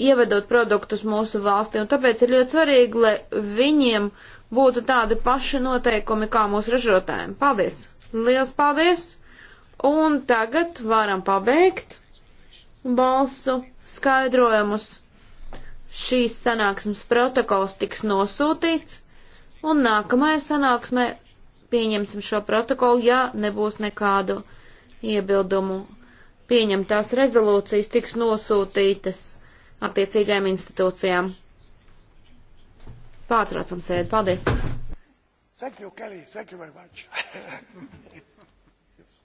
ievedot produktus mūsu valstī, un tāpēc ir ļoti svarīgi, lai viņiem būtu tādi paši noteikumi kā mūsu ražotājiem. Paldies! Liels paldies! Un tagad varam pabeigt balsu skaidrojumus. Šīs sanāksmes protokols tiks nosūtīts, un nākamajā sanāksmē pieņemsim šo protokolu, ja nebūs nekādu iebildumu. Pieņemtās rezolūcijas tiks nosūtītas attiecīgajām institūcijām. Pārtraucam sēdi. Paldies! Thank you, Kelly. Thank you very much.